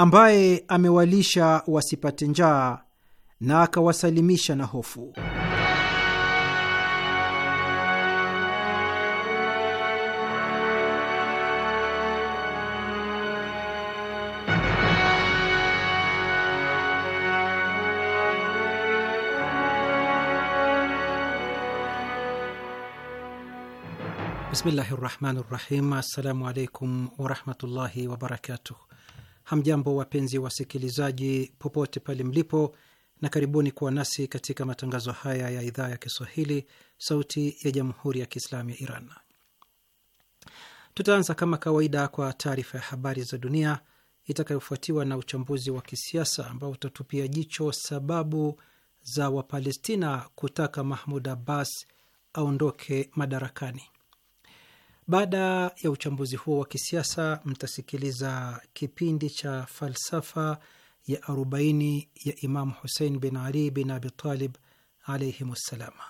ambaye amewalisha wasipate njaa na akawasalimisha na hofu. Bismillahi rahmani rahim. Assalamu alaikum warahmatullahi wabarakatuh. Hamjambo, wapenzi wasikilizaji, popote pale mlipo, na karibuni kuwa nasi katika matangazo haya ya idhaa ya Kiswahili, Sauti ya Jamhuri ya Kiislamu ya Iran. Tutaanza kama kawaida kwa taarifa ya habari za dunia itakayofuatiwa na uchambuzi wa kisiasa ambao utatupia jicho sababu za Wapalestina kutaka Mahmud Abbas aondoke madarakani. Baada ya uchambuzi huo wa kisiasa, mtasikiliza kipindi cha falsafa ya arobaini ya Imamu Husein bin Ali bin Abitalib alaihimssalama.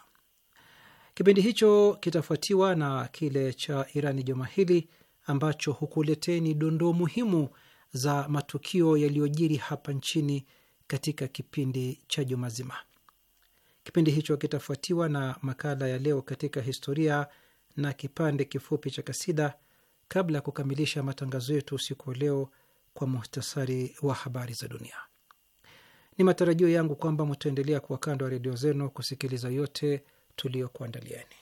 Kipindi hicho kitafuatiwa na kile cha Irani juma hili ambacho hukuleteni dondoo muhimu za matukio yaliyojiri hapa nchini katika kipindi cha juma zima. Kipindi hicho kitafuatiwa na makala ya leo katika historia na kipande kifupi cha kasida kabla ya kukamilisha matangazo yetu usiku wa leo kwa muhtasari wa habari za dunia. Ni matarajio yangu kwamba mutaendelea kuwa kando ya redio zenu kusikiliza yote tuliyokuandaliani.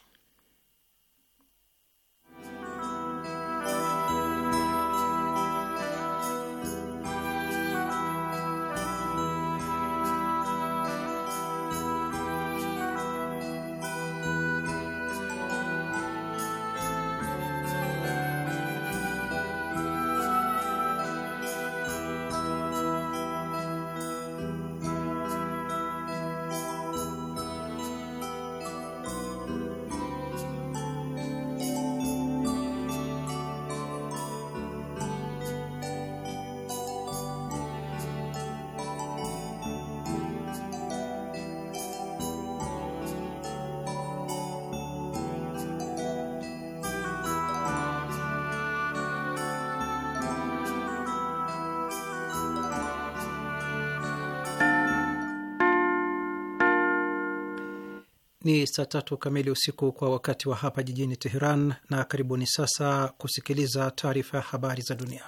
Ni saa tatu kamili usiku kwa wakati wa hapa jijini Teheran, na karibuni sasa kusikiliza taarifa ya habari za dunia.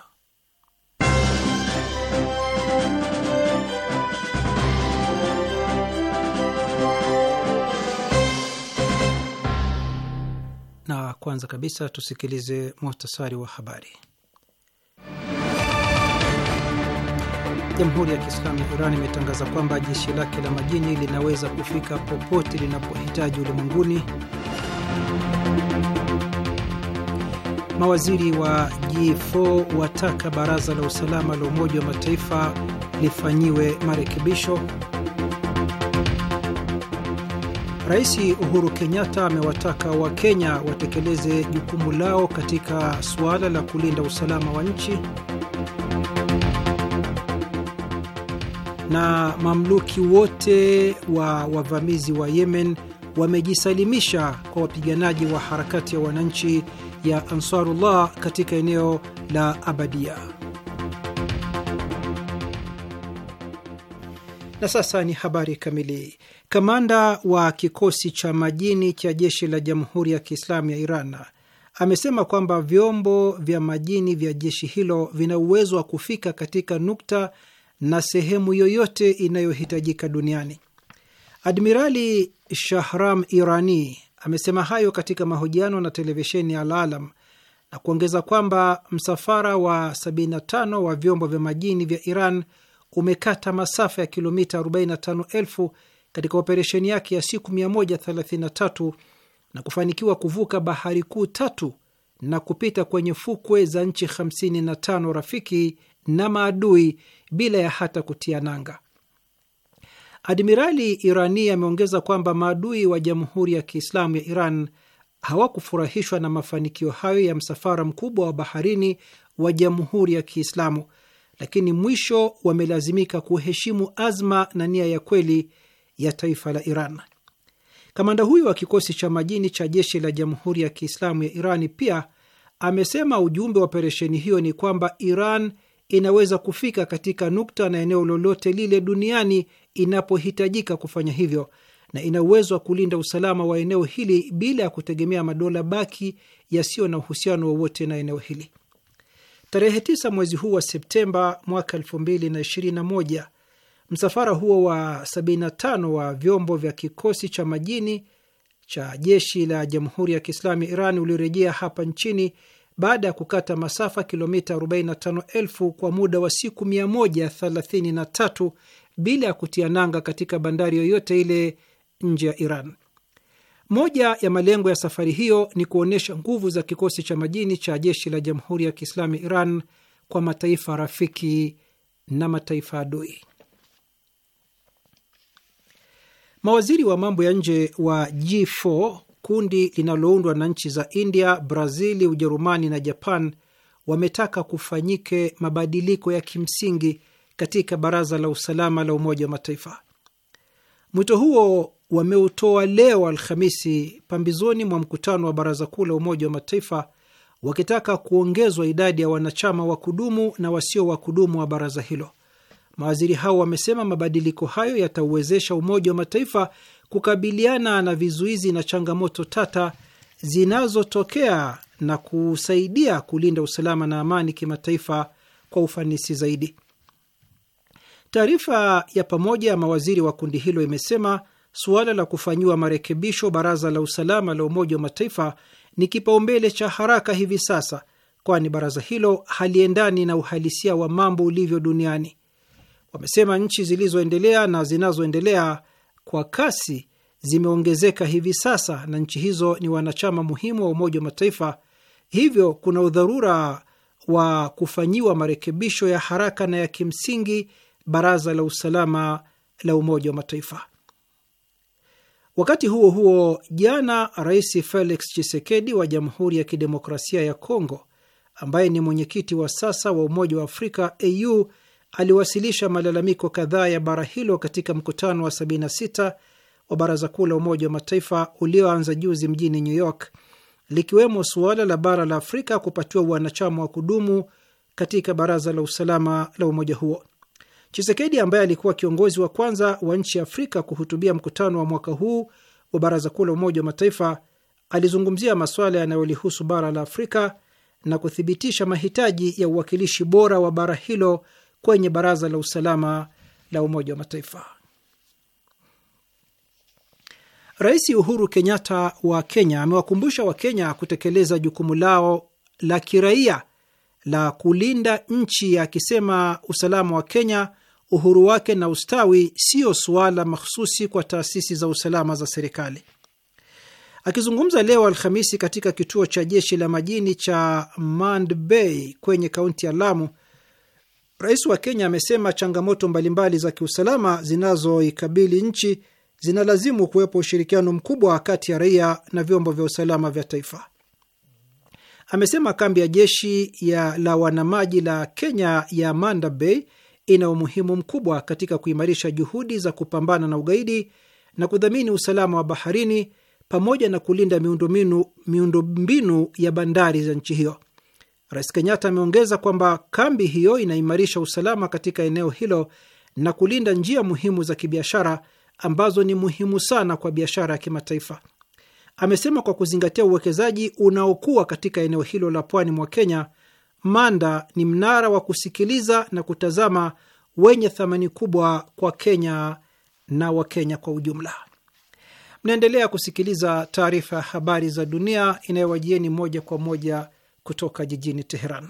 Na kwanza kabisa tusikilize muhtasari wa habari. Jamhuri ya Kiislamu Iran imetangaza kwamba jeshi lake la majini linaweza kufika popote linapohitaji ulimwenguni. Mawaziri wa G4 wataka baraza la usalama la Umoja wa Mataifa lifanyiwe marekebisho. Rais Uhuru Kenyatta amewataka Wakenya watekeleze jukumu lao katika suala la kulinda usalama wa nchi. na mamluki wote wa wavamizi wa Yemen wamejisalimisha kwa wapiganaji wa harakati ya wananchi ya Ansarullah katika eneo la Abadia. Na sasa ni habari kamili. Kamanda wa kikosi cha majini cha jeshi la Jamhuri ya Kiislamu ya Iran amesema kwamba vyombo vya majini vya jeshi hilo vina uwezo wa kufika katika nukta na sehemu yoyote inayohitajika duniani. Admirali Shahram Irani amesema hayo katika mahojiano na televisheni ya Alalam na kuongeza kwamba msafara wa 75 wa vyombo vya majini vya Iran umekata masafa ya kilomita 45,000 katika operesheni yake ya siku 133 na kufanikiwa kuvuka bahari kuu tatu na kupita kwenye fukwe za nchi 55 rafiki na maadui bila ya hata kutia nanga. Admirali Irani ameongeza kwamba maadui wa Jamhuri ya Kiislamu ya Iran hawakufurahishwa na mafanikio hayo ya msafara mkubwa wa baharini wa Jamhuri ya Kiislamu, lakini mwisho wamelazimika kuheshimu azma na nia ya kweli ya taifa la Iran. Kamanda huyo wa kikosi cha majini cha jeshi la Jamhuri ya Kiislamu ya Irani pia amesema ujumbe wa operesheni hiyo ni kwamba Iran inaweza kufika katika nukta na eneo lolote lile duniani inapohitajika kufanya hivyo, na ina uwezo wa kulinda usalama wa eneo hili bila ya kutegemea madola baki yasiyo na uhusiano wowote na eneo hili. Tarehe 9 mwezi huu wa Septemba mwaka 2021 msafara huo wa 75 wa vyombo vya kikosi cha majini cha jeshi la Jamhuri ya Kiislamu Iran uliorejea hapa nchini baada ya kukata masafa kilomita 45,000 kwa muda wa siku 133 bila ya kutia nanga katika bandari yoyote ile nje ya Iran. Moja ya malengo ya safari hiyo ni kuonyesha nguvu za kikosi cha majini cha jeshi la Jamhuri ya Kiislamu Iran kwa mataifa rafiki na mataifa adui. Mawaziri wa mambo ya nje wa G4 kundi linaloundwa na nchi za India, Brazili, Ujerumani na Japan wametaka kufanyike mabadiliko ya kimsingi katika Baraza la Usalama la Umoja wa Mataifa. Mwito huo wameutoa leo Alhamisi pambizoni mwa mkutano wa Baraza Kuu la Umoja wa Mataifa, wakitaka kuongezwa idadi ya wanachama wa kudumu na wasio wa kudumu wa baraza hilo. Mawaziri hao wamesema mabadiliko hayo yatauwezesha Umoja wa Mataifa kukabiliana na vizuizi na changamoto tata zinazotokea na kusaidia kulinda usalama na amani kimataifa kwa ufanisi zaidi. Taarifa ya pamoja ya mawaziri wa kundi hilo imesema suala la kufanyiwa marekebisho Baraza la Usalama la Umoja wa Mataifa ni kipaumbele cha haraka hivi sasa, kwani baraza hilo haliendani na uhalisia wa mambo ulivyo duniani. Wamesema nchi zilizoendelea na zinazoendelea kwa kasi zimeongezeka hivi sasa, na nchi hizo ni wanachama muhimu wa Umoja wa Mataifa, hivyo kuna udharura wa kufanyiwa marekebisho ya haraka na ya kimsingi Baraza la Usalama la Umoja wa Mataifa. Wakati huo huo, jana Rais Felix Tshisekedi wa Jamhuri ya Kidemokrasia ya Kongo, ambaye ni mwenyekiti wa sasa wa Umoja wa Afrika AU aliwasilisha malalamiko kadhaa ya bara hilo katika mkutano wa 76 wa Baraza Kuu la Umoja wa Mataifa ulioanza juzi mjini New York, likiwemo suala la bara la Afrika kupatiwa uanachama wa kudumu katika Baraza la Usalama la umoja huo. Chisekedi ambaye alikuwa kiongozi wa kwanza wa nchi ya Afrika kuhutubia mkutano wa mwaka huu wa Baraza Kuu la Umoja wa Mataifa alizungumzia masuala yanayolihusu bara la Afrika na kuthibitisha mahitaji ya uwakilishi bora wa bara hilo kwenye Baraza la Usalama la Umoja wa Mataifa. Rais Uhuru Kenyatta wa Kenya amewakumbusha Wakenya kutekeleza jukumu lao la kiraia la kulinda nchi, akisema usalama wa Kenya, uhuru wake na ustawi siyo suala mahususi kwa taasisi za usalama za serikali. Akizungumza leo Alhamisi katika kituo cha jeshi la majini cha Mand Bay kwenye kaunti ya Lamu, Rais wa Kenya amesema changamoto mbalimbali za kiusalama zinazoikabili nchi zinalazimu kuwepo ushirikiano mkubwa kati ya raia na vyombo vya usalama vya taifa. Amesema kambi ya jeshi ya la wanamaji la Kenya ya Manda Bay ina umuhimu mkubwa katika kuimarisha juhudi za kupambana na ugaidi na kudhamini usalama wa baharini pamoja na kulinda miundombinu ya bandari za nchi hiyo. Rais Kenyatta ameongeza kwamba kambi hiyo inaimarisha usalama katika eneo hilo na kulinda njia muhimu za kibiashara ambazo ni muhimu sana kwa biashara ya kimataifa. Amesema kwa kuzingatia uwekezaji unaokuwa katika eneo hilo la pwani mwa Kenya, Manda ni mnara wa kusikiliza na kutazama wenye thamani kubwa kwa Kenya na Wakenya kwa ujumla. Mnaendelea kusikiliza taarifa ya habari za dunia inayowajieni moja kwa moja kutoka jijini Teheran.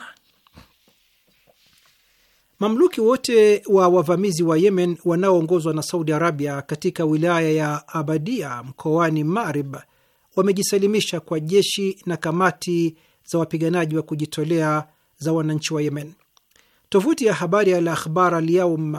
Mamluki wote wa wavamizi wa Yemen wanaoongozwa na Saudi Arabia katika wilaya ya Abadia mkoani Marib wamejisalimisha kwa jeshi na kamati za wapiganaji wa kujitolea za wananchi wa Yemen. Tovuti ya habari ya Al Akhbar Alyaum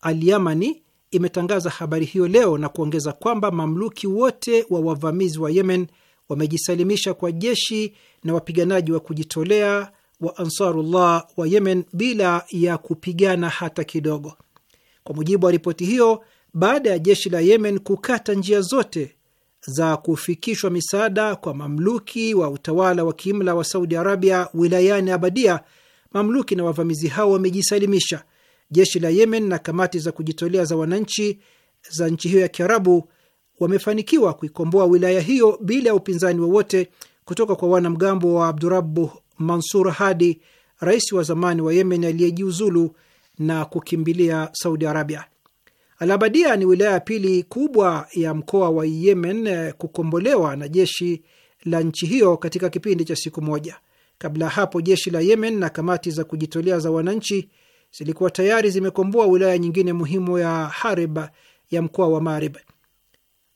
Alyamani imetangaza habari hiyo leo na kuongeza kwamba mamluki wote wa wavamizi wa Yemen wamejisalimisha kwa jeshi na wapiganaji wa kujitolea wa Ansarullah wa Yemen bila ya kupigana hata kidogo. Kwa mujibu wa ripoti hiyo, baada ya jeshi la Yemen kukata njia zote za kufikishwa misaada kwa mamluki wa utawala wa kiimla wa Saudi Arabia wilayani Abadia, mamluki na wavamizi hao wamejisalimisha. Jeshi la Yemen na kamati za kujitolea za wananchi za nchi hiyo ya Kiarabu wamefanikiwa kuikomboa wilaya hiyo bila ya upinzani wowote kutoka kwa wanamgambo wa Abdurabu Mansur Hadi, rais wa zamani wa Yemen aliyejiuzulu na kukimbilia Saudi Arabia. Alabadia ni wilaya ya pili kubwa ya mkoa wa Yemen eh, kukombolewa na jeshi la nchi hiyo katika kipindi cha siku moja. Kabla ya hapo, jeshi la Yemen na kamati za kujitolea za wananchi zilikuwa tayari zimekomboa wilaya nyingine muhimu ya Harib ya mkoa wa Marib.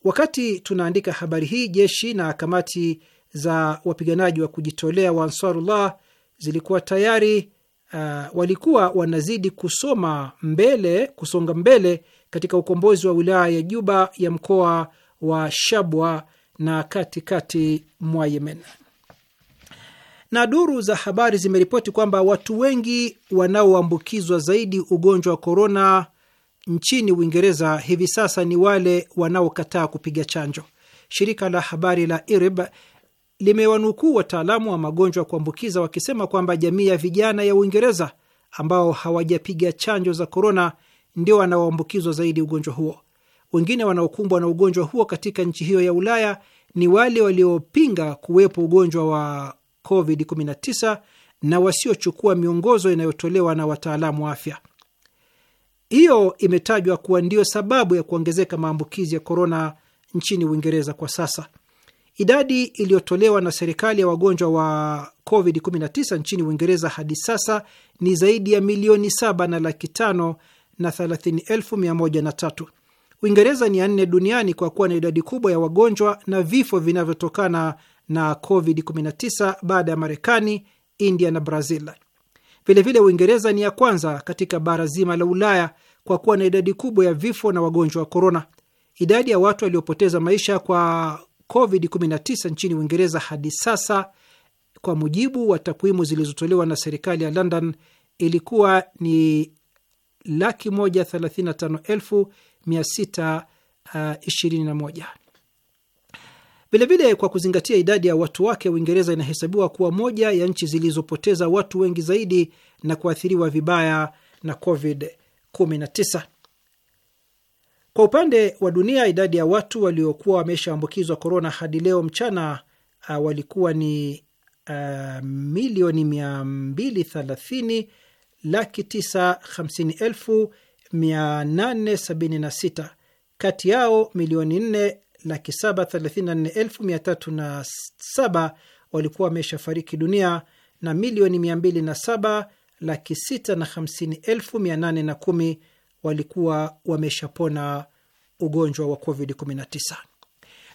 Wakati tunaandika habari hii, jeshi na kamati za wapiganaji wa kujitolea wa Ansarullah zilikuwa tayari uh, walikuwa wanazidi kusoma mbele, kusonga mbele katika ukombozi wa wilaya ya Juba ya mkoa wa Shabwa na katikati mwa Yemen. Na duru za habari zimeripoti kwamba watu wengi wanaoambukizwa zaidi ugonjwa wa korona nchini Uingereza hivi sasa ni wale wanaokataa kupiga chanjo. Shirika la habari la IRIB limewanukuu wataalamu wa magonjwa ya kuambukiza wakisema kwamba jamii ya vijana ya Uingereza ambao hawajapiga chanjo za korona ndio wanaoambukizwa zaidi ugonjwa huo. Wengine wanaokumbwa na ugonjwa huo katika nchi hiyo ya Ulaya ni wale waliopinga kuwepo ugonjwa wa COVID-19 na wasiochukua miongozo inayotolewa na wataalamu wa afya. Hiyo imetajwa kuwa ndiyo sababu ya kuongezeka maambukizi ya korona nchini Uingereza kwa sasa. Idadi iliyotolewa na serikali ya wagonjwa wa COVID-19 nchini Uingereza hadi sasa ni zaidi ya milioni saba na laki tano na thelathini elfu mia moja na tatu. Uingereza ni ya nne duniani kwa kuwa na idadi kubwa ya wagonjwa na vifo vinavyotokana na COVID-19 baada ya Marekani, India na Brazil. Vilevile Uingereza ni ya kwanza katika bara zima la Ulaya kwa kuwa na idadi kubwa ya vifo na wagonjwa wa korona. Idadi ya watu waliopoteza maisha kwa COVID-19 nchini Uingereza hadi sasa, kwa mujibu wa takwimu zilizotolewa na serikali ya London, ilikuwa ni laki moja thelathini na tano elfu mia sita uh, ishirini na moja. Vilevile, kwa kuzingatia idadi ya watu wake, Uingereza inahesabiwa kuwa moja ya nchi zilizopoteza watu wengi zaidi na kuathiriwa vibaya na COVID 19. Kwa upande wa dunia, idadi ya watu waliokuwa wameshaambukizwa korona hadi leo mchana uh, walikuwa ni uh, milioni 230 laki 950 elfu 876, kati yao milioni 4 laki 734 elfu 307 walikuwa wameshafariki dunia na milioni 207 laki sita na hamsini elfu mia nane na kumi walikuwa wameshapona ugonjwa wa COVID-19.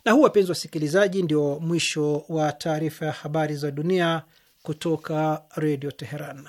Na huu, wapenzi wasikilizaji, ndio mwisho wa taarifa ya habari za dunia kutoka Redio Teheran.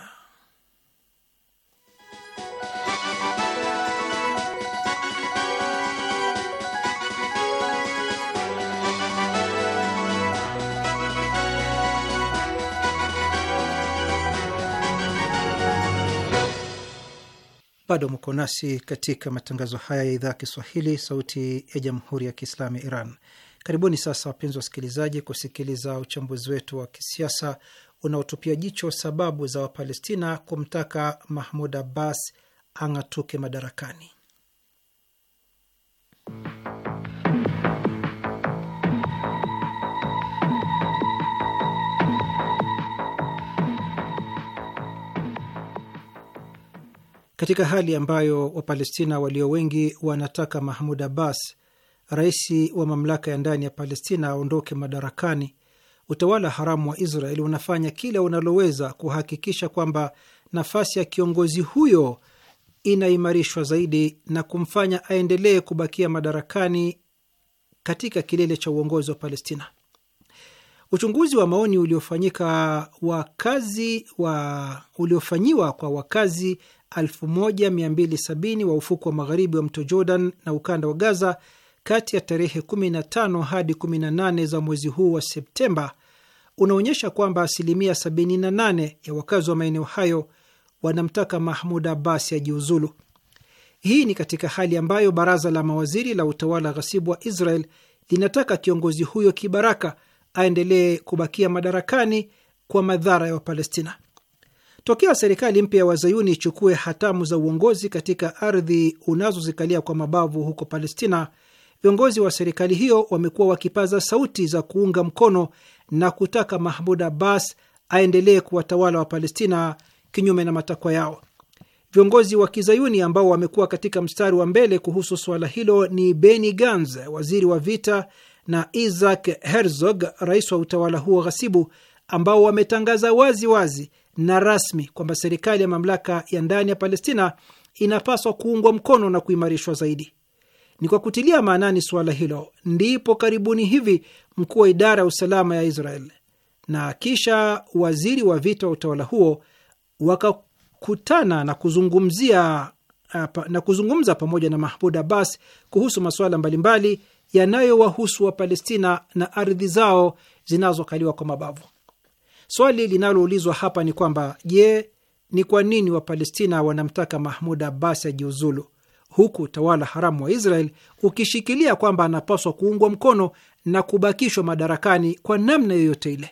Bado mko nasi katika matangazo haya ya idhaa Kiswahili, sauti ya jamhuri ya kiislamu ya Iran. Karibuni sasa, wapenzi wasikilizaji, kusikiliza uchambuzi wetu wa kisiasa unaotupia jicho sababu za Wapalestina kumtaka Mahmud Abbas ang'atuke madarakani. katika hali ambayo Wapalestina walio wengi wanataka Mahmud Abbas, rais wa mamlaka ya ndani ya Palestina, aondoke madarakani. Utawala haramu wa Israeli unafanya kila unaloweza kuhakikisha kwamba nafasi ya kiongozi huyo inaimarishwa zaidi na kumfanya aendelee kubakia madarakani katika kilele cha uongozi wa Palestina. Uchunguzi wa maoni uliofanyika wakazi wa uliofanyiwa kwa wakazi 1270 wa ufuko wa magharibi wa mto Jordan na ukanda wa Gaza kati ya tarehe 15 hadi 18 za mwezi huu wa Septemba unaonyesha kwamba asilimia 78 ya wakazi wa maeneo hayo wanamtaka Mahmud Abbas ajiuzulu. Hii ni katika hali ambayo baraza la mawaziri la utawala ghasibu wa Israel linataka kiongozi huyo kibaraka aendelee kubakia madarakani kwa madhara ya Wapalestina. Tokea serikali mpya ya wazayuni ichukue hatamu za uongozi katika ardhi unazozikalia kwa mabavu huko Palestina, viongozi wa serikali hiyo wamekuwa wakipaza sauti za kuunga mkono na kutaka Mahmud Abbas aendelee kuwatawala wa Palestina kinyume na matakwa yao. Viongozi wa kizayuni ambao wamekuwa katika mstari wa mbele kuhusu suala hilo ni Benny Gantz, waziri wa vita, na Isaac Herzog, rais wa utawala huo ghasibu, ambao wametangaza wazi wazi na rasmi kwamba serikali ya mamlaka ya ndani ya Palestina inapaswa kuungwa mkono na kuimarishwa zaidi. Ni kwa kutilia maanani suala hilo ndipo karibuni hivi mkuu wa idara ya usalama ya Israel na kisha waziri wa vita wa utawala huo wakakutana na kuzungumzia eh, na kuzungumza pamoja na Mahmud Abbas kuhusu masuala mbalimbali yanayowahusu Wapalestina na ardhi zao zinazokaliwa kwa mabavu. Swali linaloulizwa hapa ni kwamba je, ni kwa nini Wapalestina wanamtaka Mahmud Abbas ajiuzulu huku utawala haramu wa Israel ukishikilia kwamba anapaswa kuungwa mkono na kubakishwa madarakani kwa namna yoyote ile?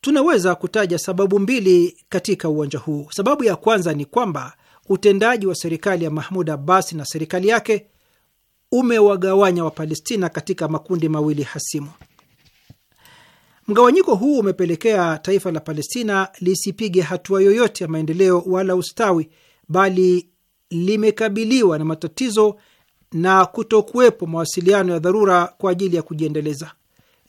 Tunaweza kutaja sababu mbili katika uwanja huu. Sababu ya kwanza ni kwamba utendaji wa serikali ya Mahmud Abbas na serikali yake umewagawanya Wapalestina katika makundi mawili hasimu. Mgawanyiko huu umepelekea taifa la Palestina lisipige hatua yoyote ya maendeleo wala ustawi, bali limekabiliwa na matatizo na kutokuwepo mawasiliano ya dharura kwa ajili ya kujiendeleza,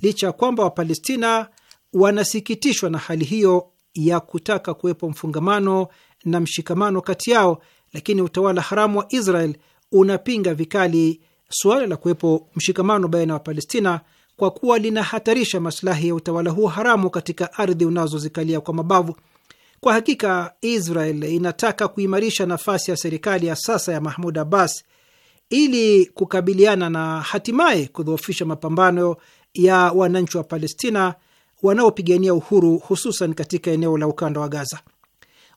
licha ya kwamba Wapalestina wanasikitishwa na hali hiyo ya kutaka kuwepo mfungamano na mshikamano kati yao, lakini utawala haramu wa Israel unapinga vikali suala la kuwepo mshikamano baina ya Wapalestina kwa kuwa linahatarisha masilahi ya utawala huo haramu katika ardhi unazozikalia kwa mabavu. Kwa hakika, Israel inataka kuimarisha nafasi ya serikali ya sasa ya Mahmud Abbas ili kukabiliana na hatimaye kudhoofisha mapambano ya wananchi wa Palestina wanaopigania uhuru, hususan katika eneo la ukanda wa Gaza.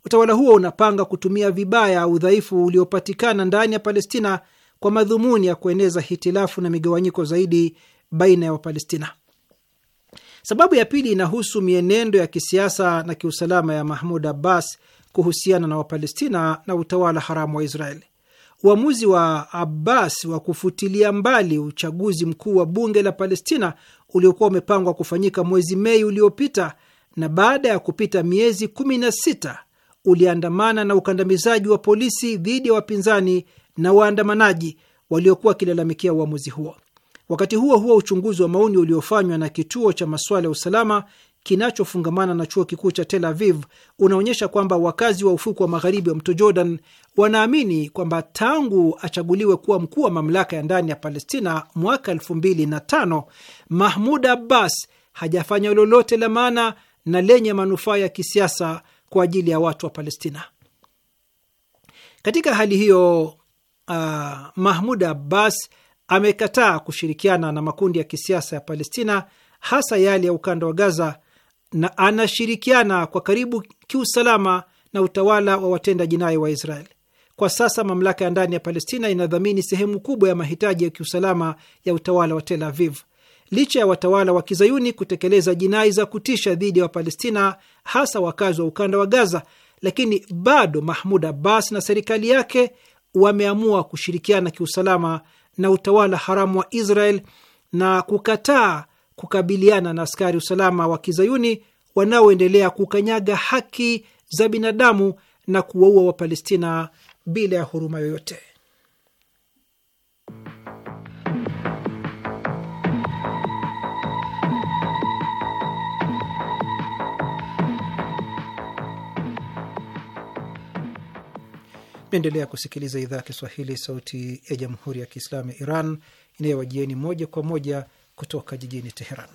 Utawala huo unapanga kutumia vibaya udhaifu uliopatikana ndani ya Palestina kwa madhumuni ya kueneza hitilafu na migawanyiko zaidi baina ya Wapalestina. Sababu ya pili inahusu mienendo ya kisiasa na kiusalama ya Mahmud Abbas kuhusiana na Wapalestina na utawala haramu wa Israeli. Uamuzi wa Abbas wa kufutilia mbali uchaguzi mkuu wa bunge la Palestina uliokuwa umepangwa kufanyika mwezi Mei uliopita na baada ya kupita miezi kumi na sita uliandamana na ukandamizaji wa polisi dhidi ya wapinzani na waandamanaji waliokuwa wakilalamikia uamuzi huo. Wakati huo huo, uchunguzi wa maoni uliofanywa na kituo cha masuala ya usalama kinachofungamana na chuo kikuu cha Tel Aviv unaonyesha kwamba wakazi wa ufuku wa magharibi wa mto Jordan wanaamini kwamba tangu achaguliwe kuwa mkuu wa mamlaka ya ndani ya Palestina mwaka elfu mbili na tano Mahmud Abbas hajafanya lolote la maana na lenye manufaa ya kisiasa kwa ajili ya watu wa Palestina. Katika hali hiyo, uh, Mahmud Abbas amekataa kushirikiana na makundi ya kisiasa ya Palestina, hasa yale ya ukanda wa Gaza, na anashirikiana kwa karibu kiusalama na utawala wa watenda jinai wa israel Kwa sasa mamlaka ya ndani ya Palestina inadhamini sehemu kubwa ya mahitaji ya kiusalama ya utawala wa Tel Aviv, licha ya watawala wa kizayuni kutekeleza jinai za kutisha dhidi ya Wapalestina, hasa wakazi wa ukanda wa Gaza, lakini bado Mahmud Abbas na serikali yake wameamua kushirikiana kiusalama na utawala haramu wa Israel na kukataa kukabiliana na askari usalama wa kizayuni wanaoendelea kukanyaga haki za binadamu na kuwaua Wapalestina bila ya huruma yoyote. Naendelea kusikiliza idhaa ya Kiswahili, sauti ya jamhuri ya kiislamu ya Iran inayowajieni moja kwa moja kutoka jijini Teheran.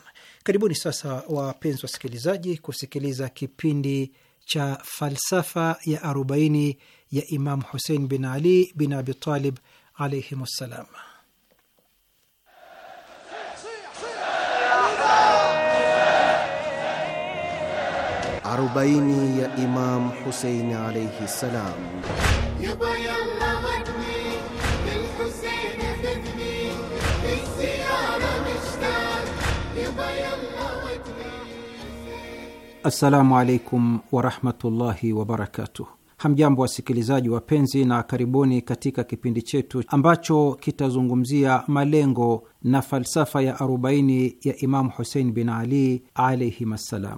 Karibuni sasa, wapenzi wasikilizaji, kusikiliza kipindi cha falsafa ya arobaini ya Imam Husein bin Ali bin Abitalib alaihimssalam. Arobaini ya Imam Husein alaihi salam. يبا يلا غني بالحسين فدني الزيارة مشتاق يبا يلا غني السلام عليكم ورحمة الله وبركاته Hamjambo wasikilizaji wapenzi, na karibuni katika kipindi chetu ambacho kitazungumzia malengo na falsafa ya arobaini ya Imamu Husein bin Ali alaihim assalam.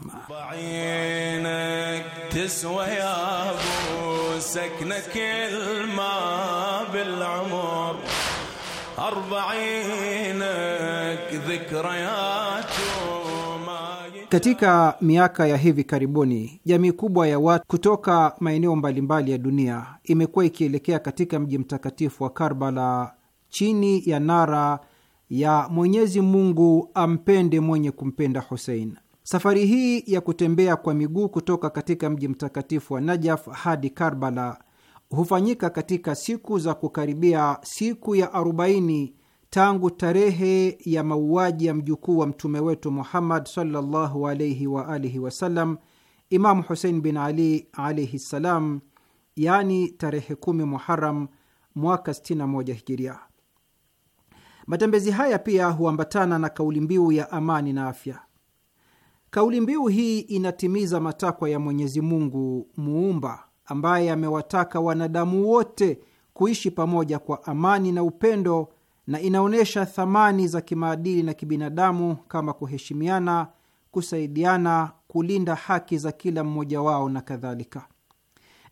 Katika miaka ya hivi karibuni, jamii kubwa ya watu kutoka maeneo mbalimbali ya dunia imekuwa ikielekea katika mji mtakatifu wa Karbala chini ya nara ya Mwenyezi Mungu ampende mwenye kumpenda Husein. Safari hii ya kutembea kwa miguu kutoka katika mji mtakatifu wa Najaf hadi Karbala hufanyika katika siku za kukaribia siku ya arobaini tangu tarehe ya mauaji ya mjukuu wa mtume wetu Muhammad sallallahu alaihi wa alihi wasallam, Imamu Husein bin Ali alaihi ssalam, yani tarehe kumi Muharam mwaka 61 Hijiria. Matembezi haya pia huambatana na kauli mbiu ya amani na afya. Kauli mbiu hii inatimiza matakwa ya Mwenyezi Mungu Muumba, ambaye amewataka wanadamu wote kuishi pamoja kwa amani na upendo na inaonyesha thamani za kimaadili na kibinadamu kama kuheshimiana, kusaidiana, kulinda haki za kila mmoja wao na kadhalika.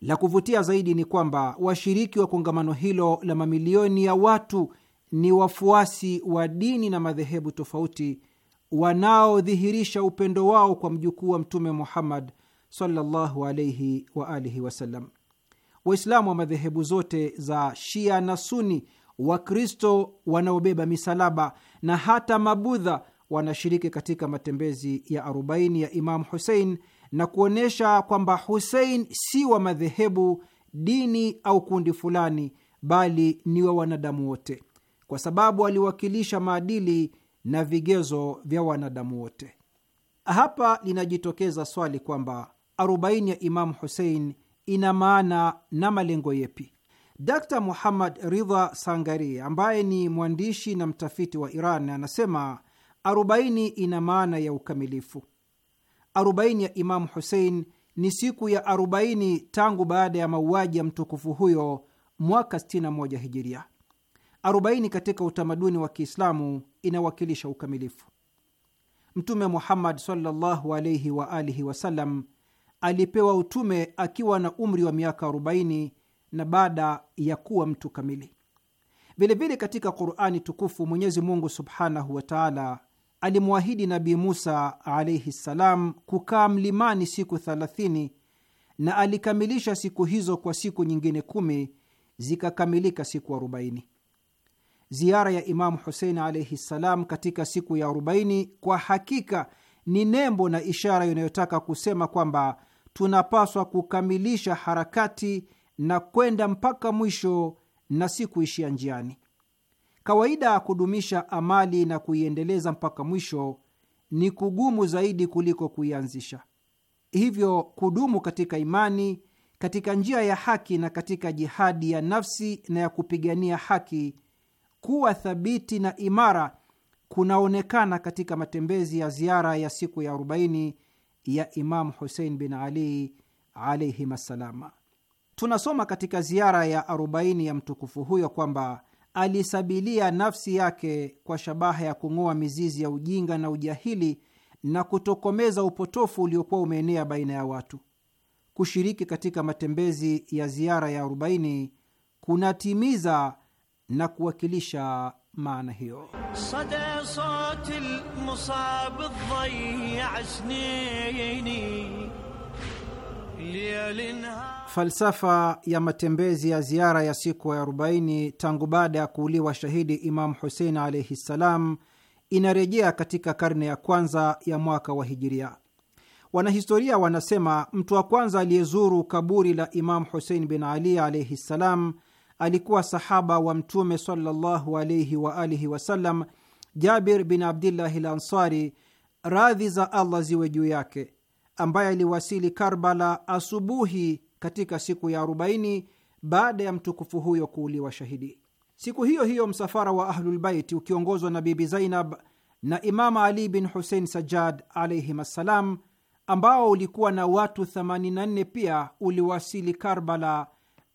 La kuvutia zaidi ni kwamba washiriki wa kongamano hilo la mamilioni ya watu ni wafuasi wa dini na madhehebu tofauti wanaodhihirisha upendo wao kwa mjukuu wa Mtume Muhammad sallallahu alaihi wa alihi wasallam. Waislamu wa madhehebu zote za Shia na Suni Wakristo wanaobeba misalaba na hata Mabudha wanashiriki katika matembezi ya arobaini ya Imamu Husein na kuonyesha kwamba Husein si wa madhehebu, dini au kundi fulani, bali ni wa wanadamu wote, kwa sababu aliwakilisha maadili na vigezo vya wanadamu wote. Hapa linajitokeza swali kwamba arobaini ya Imamu Husein ina maana na malengo yepi? Dr Muhammad Ridha Sangari, ambaye ni mwandishi na mtafiti wa Iran, anasema arobaini ina maana ya ukamilifu. Arobaini ya Imamu Husein ni siku ya arobaini tangu baada ya mauaji ya mtukufu huyo mwaka 61 Hijiria. Arobaini katika utamaduni wa Kiislamu inawakilisha ukamilifu. Mtume Muhammad sallallahu alaihi wa alihi wasallam alipewa utume akiwa na umri wa miaka arobaini na baada ya kuwa mtu kamili. Vilevile katika Qurani tukufu Mwenyezi Mungu subhanahu wa taala alimwahidi Nabii Musa alaihi ssalam kukaa mlimani siku thalathini na alikamilisha siku hizo kwa siku nyingine kumi zikakamilika siku arobaini. Ziara ya Imamu Husein alaihi ssalam katika siku ya arobaini kwa hakika ni nembo na ishara inayotaka kusema kwamba tunapaswa kukamilisha harakati na kwenda mpaka mwisho na si kuishia njiani. Kawaida ya kudumisha amali na kuiendeleza mpaka mwisho ni kugumu zaidi kuliko kuianzisha. Hivyo kudumu katika imani, katika njia ya haki na katika jihadi ya nafsi na ya kupigania haki, kuwa thabiti na imara kunaonekana katika matembezi ya ziara ya siku ya arobaini ya Imamu Husein bin Ali alaihim assalama. Tunasoma katika ziara ya 40 ya mtukufu huyo kwamba alisabilia nafsi yake kwa shabaha ya kung'oa mizizi ya ujinga na ujahili na kutokomeza upotofu uliokuwa umeenea baina ya watu. Kushiriki katika matembezi ya ziara ya arobaini kunatimiza na kuwakilisha maana hiyo. Falsafa ya matembezi ya ziara ya siku ya 40 tangu baada ya kuuliwa shahidi Imamu Husein alaihi ssalam inarejea katika karne ya kwanza ya mwaka wa Hijiria. Wanahistoria wanasema mtu wa kwanza aliyezuru kaburi la Imamu Husein bin Ali alaihi ssalam alikuwa sahaba wa Mtume sallallahu alaihi alihi wasallam, Jabir bin Abdillahi Lansari, radhi za Allah ziwe juu yake ambaye aliwasili Karbala asubuhi katika siku ya 40 baada ya mtukufu huyo kuuliwa shahidi. Siku hiyo hiyo msafara wa Ahlulbaiti ukiongozwa na Bibi Zainab na Imama Ali bin Husein Sajjad alaihim assalam, ambao ulikuwa na watu 84 pia uliwasili Karbala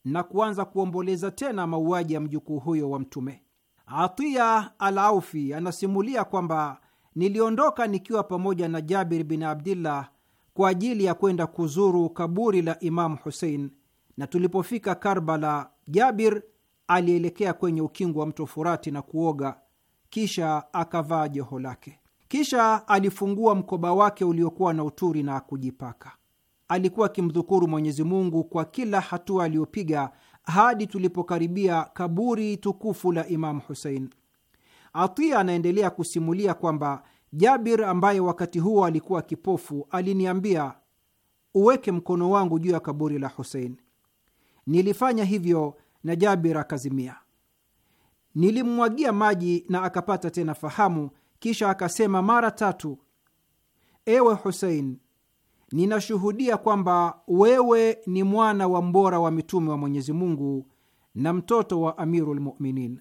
na kuanza kuomboleza tena mauaji ya mjukuu huyo wa Mtume. Atiya al Aufi anasimulia kwamba niliondoka nikiwa pamoja na Jabir bin Abdillah kwa ajili ya kwenda kuzuru kaburi la Imamu Husein, na tulipofika Karbala, Jabir alielekea kwenye ukingo wa mto Furati na kuoga, kisha akavaa joho lake. Kisha alifungua mkoba wake uliokuwa na uturi na kujipaka. Alikuwa akimdhukuru Mwenyezi Mungu kwa kila hatua aliyopiga hadi tulipokaribia kaburi tukufu la Imamu Husein. Atia anaendelea kusimulia kwamba Jabir ambaye wakati huo alikuwa kipofu aliniambia, uweke mkono wangu juu ya kaburi la Husein. Nilifanya hivyo na Jabir akazimia. nilimmwagia maji na akapata tena fahamu, kisha akasema mara tatu, ewe Husein, ninashuhudia kwamba wewe ni mwana wa mbora wa mitume wa Mwenyezi Mungu na mtoto wa Amirul Muminin.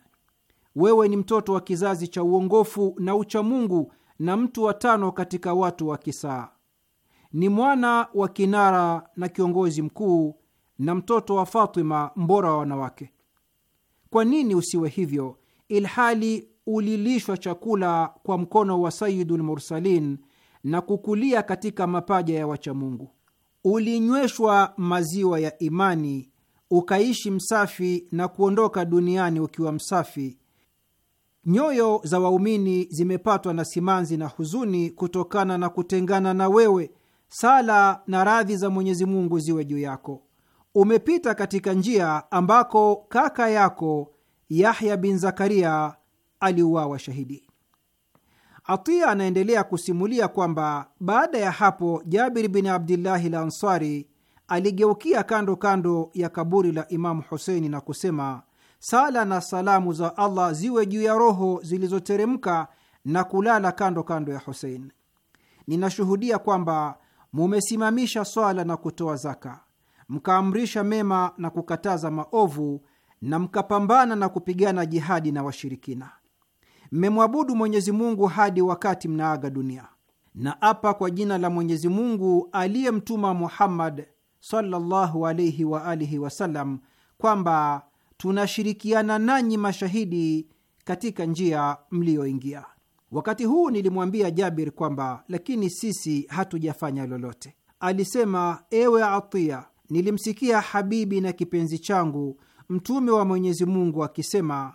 Wewe ni mtoto wa kizazi cha uongofu na uchamungu na mtu wa tano katika watu wa Kisaa. Ni mwana wa kinara na kiongozi mkuu na mtoto wa Fatima, mbora wa wanawake. Kwa nini usiwe hivyo, ilhali ulilishwa chakula kwa mkono wa Sayidul Mursalin na kukulia katika mapaja ya wachamungu? Ulinyweshwa maziwa ya imani, ukaishi msafi na kuondoka duniani ukiwa msafi Nyoyo za waumini zimepatwa na simanzi na huzuni kutokana na kutengana na wewe. Sala na radhi za Mwenyezi Mungu ziwe juu yako. Umepita katika njia ambako kaka yako Yahya bin Zakaria aliuawa shahidi. Atia anaendelea kusimulia kwamba baada ya hapo Jabiri bin Abdillahi la Ansari aligeukia kando kando ya kaburi la Imamu Huseini na kusema Sala na salamu za Allah ziwe juu ya roho zilizoteremka na kulala kando kando ya Husein. Ninashuhudia kwamba mumesimamisha swala na kutoa zaka, mkaamrisha mema na kukataza maovu, na mkapambana na kupigana jihadi na washirikina. Mmemwabudu Mwenyezi Mungu hadi wakati mnaaga dunia. Na apa kwa jina la Mwenyezi Mungu aliyemtuma Muhammad sallallahu alayhi wa alihi wasallam kwamba tunashirikiana nanyi mashahidi katika njia mliyoingia. Wakati huu nilimwambia Jabir kwamba lakini sisi hatujafanya lolote. Alisema, ewe Atia, nilimsikia habibi na kipenzi changu Mtume wa Mwenyezi Mungu akisema,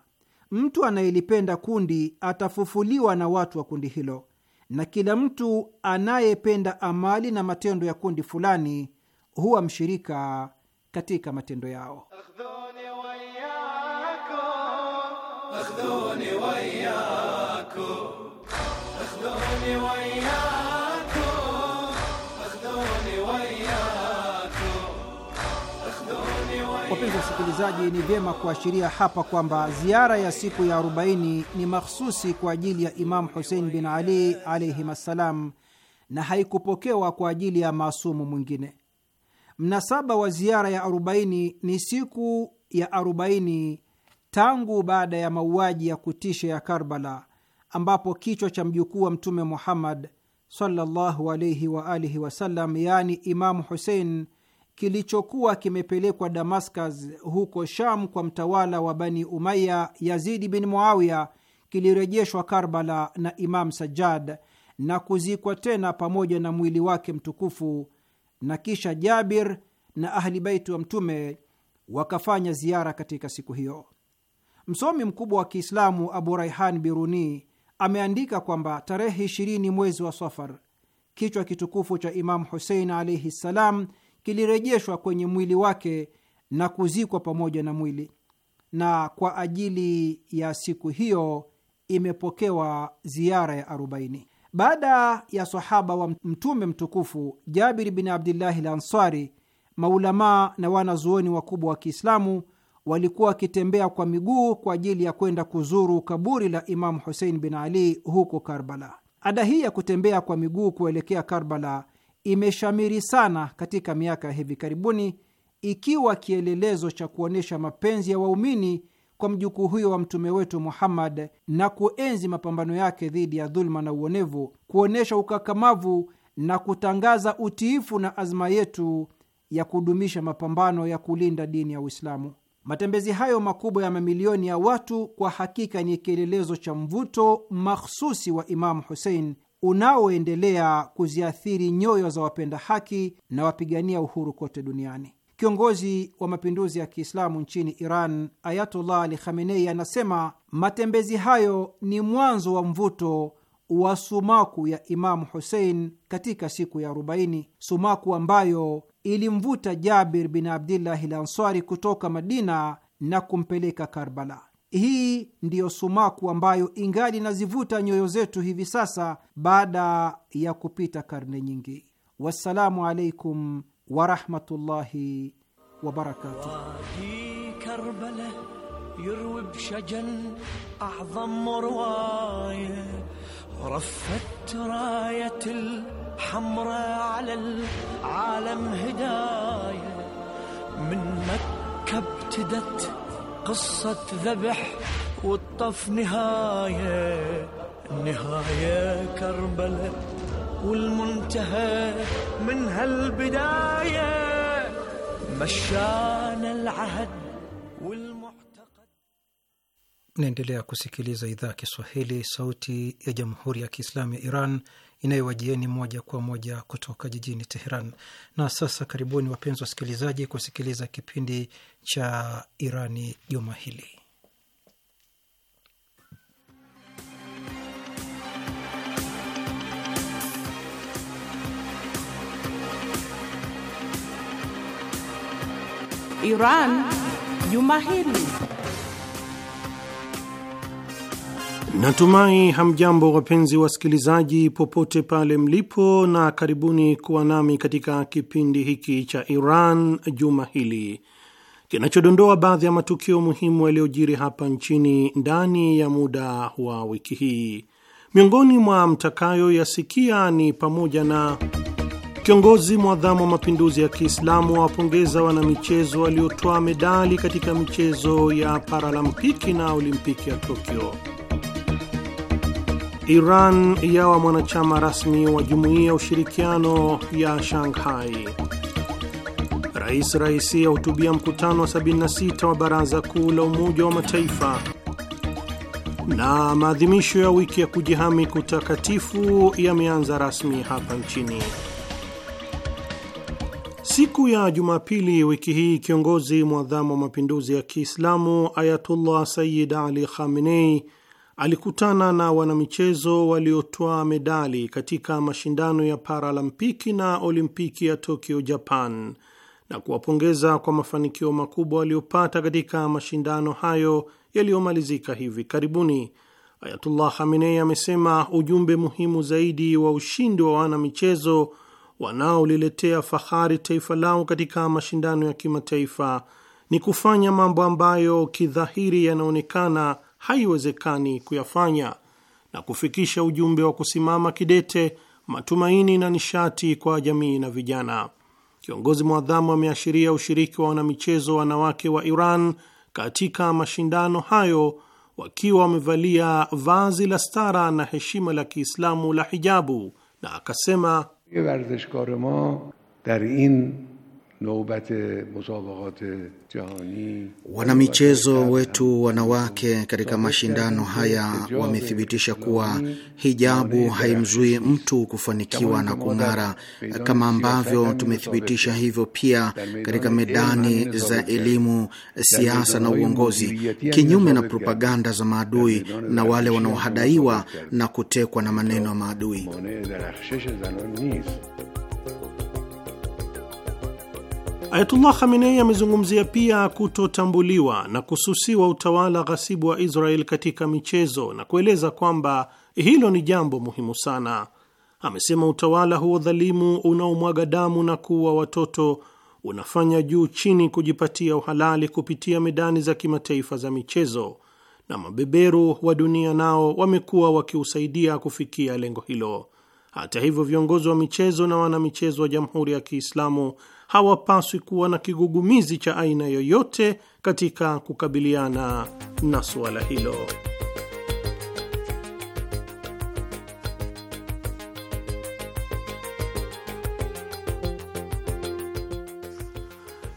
mtu anayelipenda kundi atafufuliwa na watu wa kundi hilo, na kila mtu anayependa amali na matendo ya kundi fulani huwa mshirika katika matendo yao. اخذوني Wapenzi wasikilizaji, ni vyema kuashiria hapa kwamba ziara ya siku ya 40 ni mahsusi kwa ajili ya Imamu Husein bin Ali alaihim assalam na haikupokewa kwa ajili ya maasumu mwingine. Mnasaba wa ziara ya 40 ni siku ya tangu baada ya mauaji ya kutisha ya Karbala, ambapo kichwa cha mjukuu wa Mtume Muhammad sallallahu alayhi wa alihi wasallam, yaani Imamu Husein, kilichokuwa kimepelekwa Damascus huko Sham kwa mtawala wa Bani Umaya Yazidi bin Muawiya kilirejeshwa Karbala na Imam Sajjad na kuzikwa tena pamoja na mwili wake mtukufu, na kisha Jabir na ahli baiti wa Mtume wakafanya ziara katika siku hiyo. Msomi mkubwa wa Kiislamu Abu Raihan Biruni ameandika kwamba tarehe ishirini mwezi wa Safar kichwa kitukufu cha Imamu Husein alaihi ssalam kilirejeshwa kwenye mwili wake na kuzikwa pamoja na mwili, na kwa ajili ya siku hiyo imepokewa ziara ya arobaini baada ya sahaba wa Mtume mtukufu Jabiri bin Abdillahi Lansari, Maulamaa na wanazuoni wakubwa wa Kiislamu walikuwa wakitembea kwa miguu kwa ajili ya kwenda kuzuru kaburi la Imamu Husein bin Ali huko Karbala. Ada hii ya kutembea kwa miguu kuelekea Karbala imeshamiri sana katika miaka ya hivi karibuni, ikiwa kielelezo cha kuonyesha mapenzi ya waumini kwa mjukuu huyo wa mtume wetu Muhammad na kuenzi mapambano yake dhidi ya dhuluma na uonevu, kuonyesha ukakamavu na kutangaza utiifu na azma yetu ya kudumisha mapambano ya kulinda dini ya Uislamu. Matembezi hayo makubwa ya mamilioni ya watu kwa hakika ni kielelezo cha mvuto mahsusi wa Imamu Husein unaoendelea kuziathiri nyoyo za wapenda haki na wapigania uhuru kote duniani. Kiongozi wa mapinduzi ya Kiislamu nchini Iran, Ayatullah Ali Khamenei, anasema matembezi hayo ni mwanzo wa mvuto wa sumaku ya Imamu Husein katika siku ya arobaini, sumaku ambayo ilimvuta Jabir bin Abdillahi Lanswari kutoka Madina na kumpeleka Karbala. Hii ndiyo sumaku ambayo ingali inazivuta nyoyo zetu hivi sasa baada ya kupita karne nyingi. Wassalamu alaikum warahmatullahi wabarakatuh. رفت راية الحمراء على العالم هداية من مكة ابتدت قصة ذبح والطف نهاية النهاية كربلة والمنتهى من هالبداية مشانا العهد والمعتقد Mnaendelea kusikiliza idhaa Kiswahili, sauti ya jamhuri ya kiislamu ya Iran inayowajieni moja kwa moja kutoka jijini Teheran. Na sasa karibuni wapenzi wasikilizaji, kusikiliza kipindi cha Irani juma hili. Iran juma hili Natumai hamjambo wapenzi wasikilizaji, popote pale mlipo, na karibuni kuwa nami katika kipindi hiki cha Iran juma hili kinachodondoa baadhi ya matukio muhimu yaliyojiri hapa nchini ndani ya muda wa wiki hii. Miongoni mwa mtakayoyasikia ni pamoja na kiongozi mwadhamu wa mapinduzi ya Kiislamu awapongeza wanamichezo waliotoa medali katika michezo ya paralampiki na olimpiki ya Tokyo. Iran yawa mwanachama rasmi wa Jumuiya ya Ushirikiano ya Shanghai. Rais Raisi ahutubia mkutano wa 76 wa Baraza Kuu la Umoja wa Mataifa. Na maadhimisho ya wiki ya kujihami kutakatifu yameanza rasmi hapa nchini. Siku ya Jumapili wiki hii, kiongozi mwadhamu wa mapinduzi ya Kiislamu Ayatullah Sayyid Ali Khamenei alikutana na wanamichezo waliotoa medali katika mashindano ya Paralampiki na Olimpiki ya Tokyo, Japan, na kuwapongeza kwa mafanikio makubwa waliopata katika mashindano hayo yaliyomalizika hivi karibuni. Ayatullah Hamenei amesema ujumbe muhimu zaidi wa ushindi wa wanamichezo wanaoliletea fahari taifa lao katika mashindano ya kimataifa ni kufanya mambo ambayo kidhahiri yanaonekana haiwezekani kuyafanya na kufikisha ujumbe wa kusimama kidete, matumaini na nishati kwa jamii na vijana. Kiongozi mwadhamu ameashiria ushiriki wa wanamichezo wanawake wa Iran katika mashindano hayo wakiwa wamevalia vazi la stara na heshima la Kiislamu la hijabu, na akasema: jahani. Wanamichezo wetu wanawake katika mashindano haya wamethibitisha kuwa hijabu haimzui mtu kufanikiwa na kung'ara, kama ambavyo tumethibitisha hivyo pia katika medani za elimu, siasa na uongozi, kinyume na propaganda za maadui na wale wanaohadaiwa na kutekwa na maneno ya maadui. Ayatullah Khamenei amezungumzia pia kutotambuliwa na kususiwa utawala ghasibu wa Israel katika michezo na kueleza kwamba hilo ni jambo muhimu sana. Amesema utawala huo dhalimu unaomwaga damu na kuua watoto unafanya juu chini kujipatia uhalali kupitia medani za kimataifa za michezo, na mabeberu wa dunia nao wamekuwa wakiusaidia kufikia lengo hilo. Hata hivyo, viongozi wa michezo na wanamichezo wa Jamhuri ya Kiislamu hawapaswi kuwa na kigugumizi cha aina yoyote katika kukabiliana na suala hilo.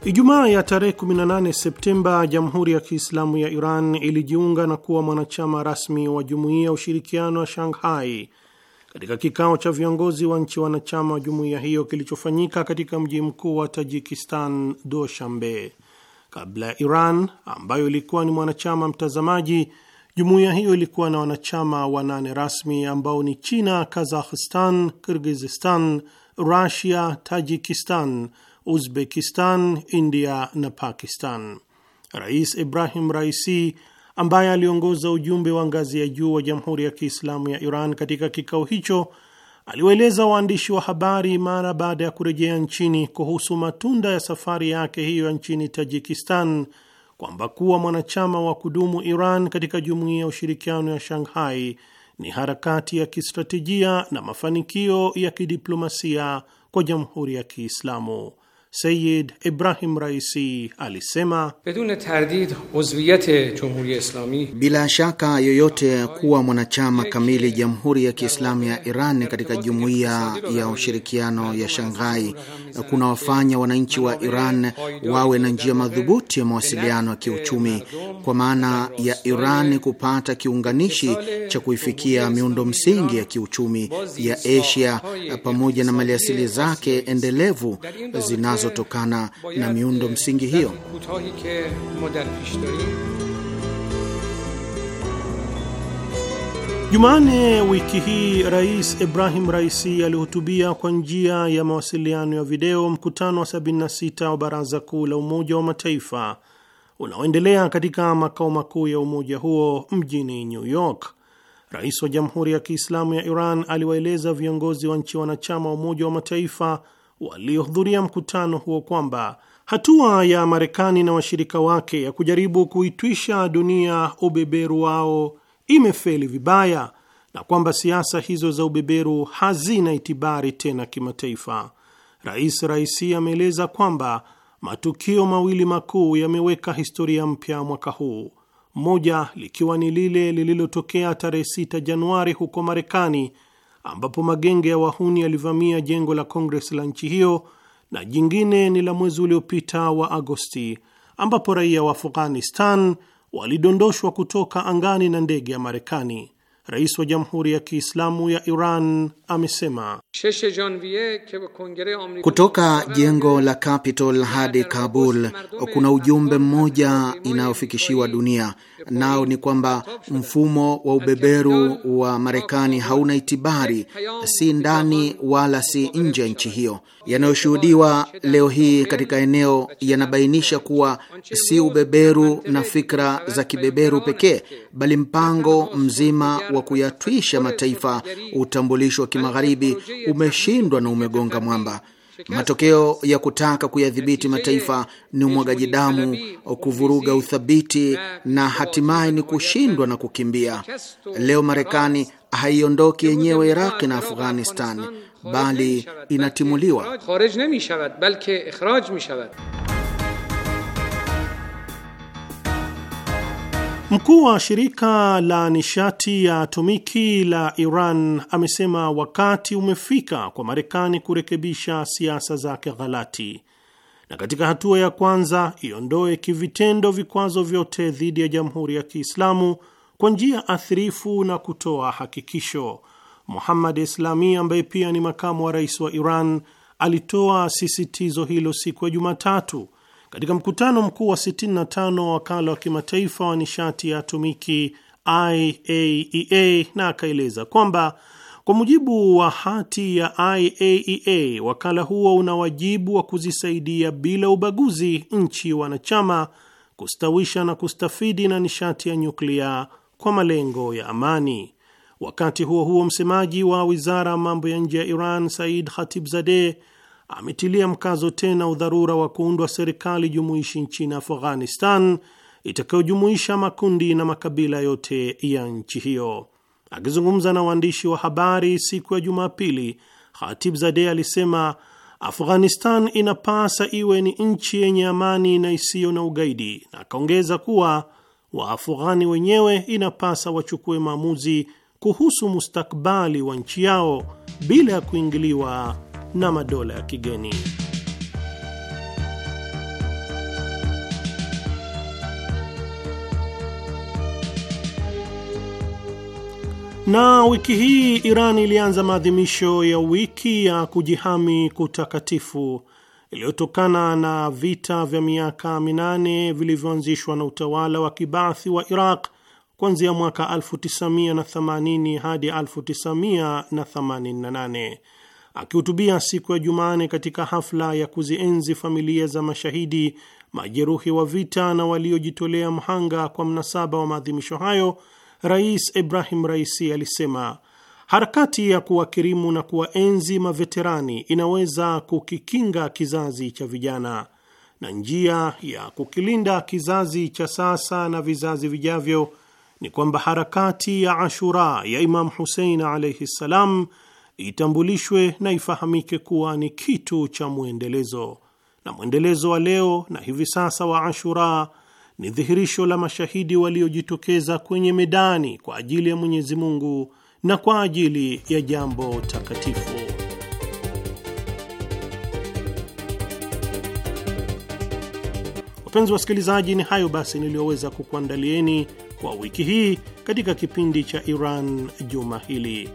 Ijumaa ya tarehe 18 Septemba, Jamhuri ya Kiislamu ya Iran ilijiunga na kuwa mwanachama rasmi wa Jumuiya ya Ushirikiano wa Shanghai katika kikao cha viongozi wa nchi wanachama wa jumuiya hiyo kilichofanyika katika mji mkuu wa Tajikistan, doshambe kabla ya Iran ambayo ilikuwa ni mwanachama mtazamaji, jumuiya hiyo ilikuwa na wanachama wanane rasmi ambao ni China, Kazakhstan, Kirgizistan, Rusia, Tajikistan, Uzbekistan, India na Pakistan. Rais Ibrahim Raisi ambaye aliongoza ujumbe wa ngazi ya juu wa Jamhuri ya Kiislamu ya Iran katika kikao hicho aliwaeleza waandishi wa habari mara baada ya kurejea nchini kuhusu matunda ya safari yake hiyo ya nchini Tajikistan kwamba kuwa mwanachama wa kudumu Iran katika Jumuiya ya Ushirikiano ya Shanghai ni harakati ya kistratejia na mafanikio ya kidiplomasia kwa Jamhuri ya Kiislamu. Sayid Ibrahim Raisi alisema e bila shaka yoyote kuwa mwanachama kamili Jamhuri ya Kiislamu ya Iran katika Jumuiya ya Ushirikiano ya Shanghai kuna wafanya wananchi wa Iran wawe na njia madhubuti ya mawasiliano ya kiuchumi, kwa maana ya Iran kupata kiunganishi cha kuifikia miundo msingi ya kiuchumi ya Asia pamoja na maliasili zake endelevu zinazo zinazotokana na miundo msingi hiyo. Jumane wiki hii Rais Ibrahim Raisi alihutubia kwa njia ya mawasiliano ya video mkutano wa 76 wa Baraza Kuu la Umoja wa Mataifa unaoendelea katika makao makuu ya umoja huo mjini New York. Rais wa Jamhuri ya Kiislamu ya Iran aliwaeleza viongozi wa nchi wanachama wa Umoja wa Mataifa waliohudhuria mkutano huo kwamba hatua ya Marekani na washirika wake ya kujaribu kuitwisha dunia ubeberu wao imefeli vibaya na kwamba siasa hizo za ubeberu hazina itibari tena kimataifa. Rais Raisi ameeleza kwamba matukio mawili makuu yameweka historia mpya mwaka huu, moja likiwa ni lile lililotokea tarehe 6 Januari huko Marekani ambapo magenge ya wahuni yalivamia jengo la Kongres la nchi hiyo, na jingine ni la mwezi uliopita wa Agosti ambapo raia wa Afghanistan walidondoshwa kutoka angani na ndege ya Marekani. Rais wa Jamhuri ya Kiislamu ya Iran amesema kutoka jengo la Capitol hadi Kabul kuna ujumbe mmoja inayofikishiwa dunia, nao ni kwamba mfumo wa ubeberu wa Marekani hauna itibari, si ndani wala si nje ya nchi hiyo. Yanayoshuhudiwa leo hii katika eneo yanabainisha kuwa si ubeberu na fikra za kibeberu pekee, bali mpango mzima wa wa kuyatwisha mataifa utambulisho wa kimagharibi umeshindwa na umegonga mwamba. Matokeo ya kutaka kuyadhibiti mataifa ni umwagaji damu, kuvuruga uthabiti na hatimaye ni kushindwa na kukimbia. Leo Marekani haiondoki yenyewe Iraqi na Afghanistan, bali inatimuliwa. Mkuu wa shirika la nishati ya atomiki la Iran amesema wakati umefika kwa Marekani kurekebisha siasa zake ghalati na katika hatua ya kwanza iondoe kivitendo vikwazo vyote dhidi ya Jamhuri ya Kiislamu kwa njia athirifu na kutoa hakikisho. Muhammad Islami ambaye pia ni makamu wa rais wa Iran alitoa sisitizo hilo siku ya Jumatatu katika mkutano mkuu wa 65 wa wakala wa kimataifa wa nishati ya atomiki IAEA, e na akaeleza kwamba kwa mujibu wa hati ya IAEA, e wakala huo una wajibu wa kuzisaidia bila ubaguzi nchi wanachama kustawisha na kustafidi na nishati ya nyuklia kwa malengo ya amani. Wakati huo huo, msemaji wa wizara ya mambo ya nje ya Iran Said Khatibzadeh ametilia mkazo tena udharura wa kuundwa serikali jumuishi nchini Afghanistan itakayojumuisha makundi na makabila yote ya nchi hiyo. Akizungumza na waandishi wa habari siku ya Jumapili, Khatib zade alisema Afghanistan inapasa iwe ni nchi yenye amani na isiyo na ugaidi, na akaongeza kuwa Waafghani wenyewe inapasa wachukue maamuzi kuhusu mustakbali wa nchi yao bila ya kuingiliwa na madola ya kigeni. Na wiki hii Iran ilianza maadhimisho ya wiki ya kujihami kutakatifu iliyotokana na vita vya miaka minane vilivyoanzishwa na utawala wa kibathi wa Iraq kuanzia mwaka 1980 hadi 1988. Akihutubia siku ya Jumane katika hafla ya kuzienzi familia za mashahidi, majeruhi wa vita na waliojitolea mhanga kwa mnasaba wa maadhimisho hayo, Rais Ibrahim Raisi alisema harakati ya kuwakirimu na kuwaenzi maveterani inaweza kukikinga kizazi cha vijana, na njia ya kukilinda kizazi cha sasa na vizazi vijavyo ni kwamba harakati ya Ashura ya Imam Husein alaihi ssalam itambulishwe na ifahamike kuwa ni kitu cha mwendelezo, na mwendelezo wa leo na hivi sasa wa Ashura ni dhihirisho la mashahidi waliojitokeza kwenye medani kwa ajili ya Mwenyezi Mungu na kwa ajili ya jambo takatifu. Wapenzi wasikilizaji, ni hayo basi niliyoweza kukuandalieni kwa wiki hii katika kipindi cha Iran juma hili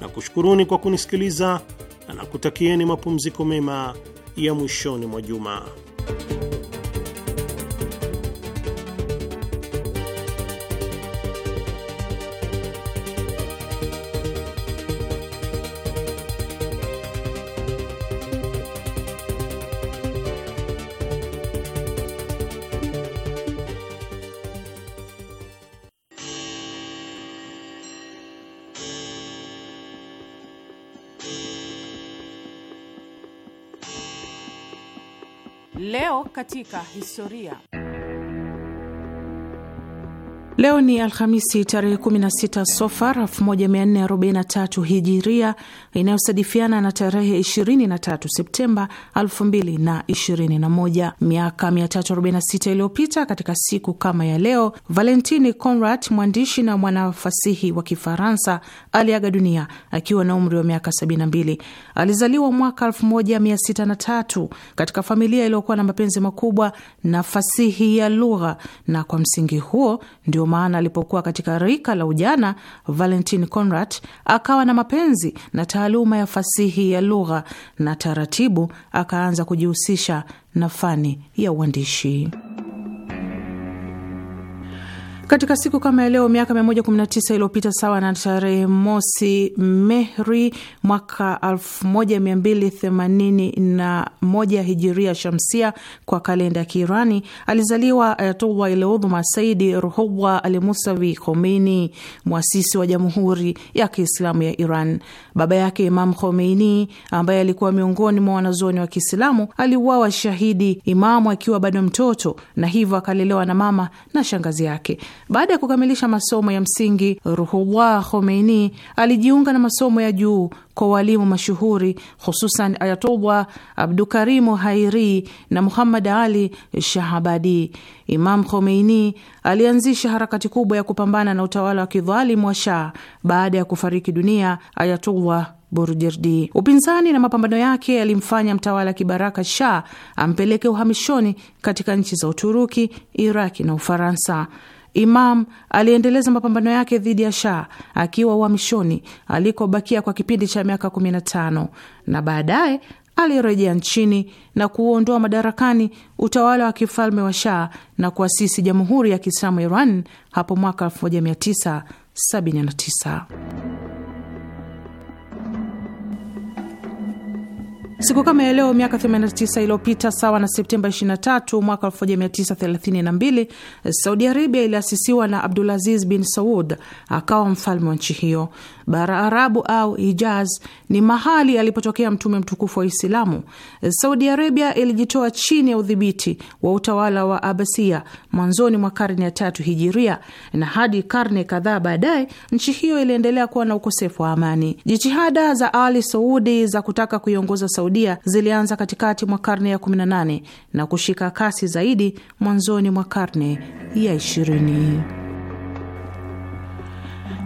na kushukuruni kwa kunisikiliza na nakutakieni mapumziko mema ya mwishoni mwa juma. katika historia. Leo ni Alhamisi tarehe 16 Sofar 1443 Hijiria inayosadifiana na tarehe 23 Septemba 2021. Miaka 346 iliyopita katika siku kama ya leo, Valentini Conrad, mwandishi na mwanafasihi wa Kifaransa, aliaga dunia akiwa na umri wa miaka 72. Alizaliwa mwaka 1603 katika familia iliyokuwa na mapenzi makubwa na fasihi ya lugha, na kwa msingi huo ndio maana alipokuwa katika rika la ujana, Valentin Conrad akawa na mapenzi na taaluma ya fasihi ya lugha na taratibu akaanza kujihusisha na fani ya uandishi. Katika siku kama ya leo miaka 119 iliyopita, sawa na tarehe mosi Mehri mwaka 1281 hijiria shamsia kwa kalenda ya Kiirani, alizaliwa Ayatullah Iludhuma Saidi Ruhullah Al Musawi Khomeini, mwasisi wa Jamhuri ya Kiislamu ya Iran. Baba yake Imam Khomeini, ambaye alikuwa miongoni mwa wanazuoni wa Kiislamu, aliuawa shahidi Imamu akiwa bado mtoto, na hivyo akalelewa na mama na shangazi yake. Baada ya kukamilisha masomo ya msingi, Ruhullah Khomeini alijiunga na masomo ya juu kwa walimu mashuhuri hususan Ayatullah Abdukarimu Hairi na Muhammad Ali Shahabadi. Imam Khomeini alianzisha harakati kubwa ya kupambana na utawala wa kidhalimu wa Shah baada ya kufariki dunia Ayatullah Burjerdi. Upinzani na mapambano yake yalimfanya mtawala kibaraka Shah ampeleke uhamishoni katika nchi za Uturuki, Iraki na Ufaransa. Imam aliendeleza mapambano yake dhidi ya Shah akiwa uhamishoni alikobakia kwa kipindi cha miaka 15 na baadaye alirejea nchini na kuuondoa madarakani utawala wa kifalme wa Shah na kuasisi Jamhuri ya Kiislamu Iran hapo mwaka 1979. Siku kama ya leo miaka 89 iliyopita, sawa na Septemba 23 mwaka 1932, Saudi Arabia iliasisiwa na Abdulaziz bin Saud akawa mfalme wa nchi hiyo. Bara Arabu au Hijaz ni mahali alipotokea mtume mtukufu wa Uislamu. Saudi Arabia ilijitoa chini ya udhibiti wa utawala wa Abasia mwanzoni mwa karne ya tatu hijiria, na hadi karne kadhaa baadaye nchi hiyo iliendelea kuwa na ukosefu wa amani. Jitihada za Ali Saudi za kutaka kuiongoza Saudia zilianza katikati mwa karne ya 18 na kushika kasi zaidi mwanzoni mwa karne ya ishirini.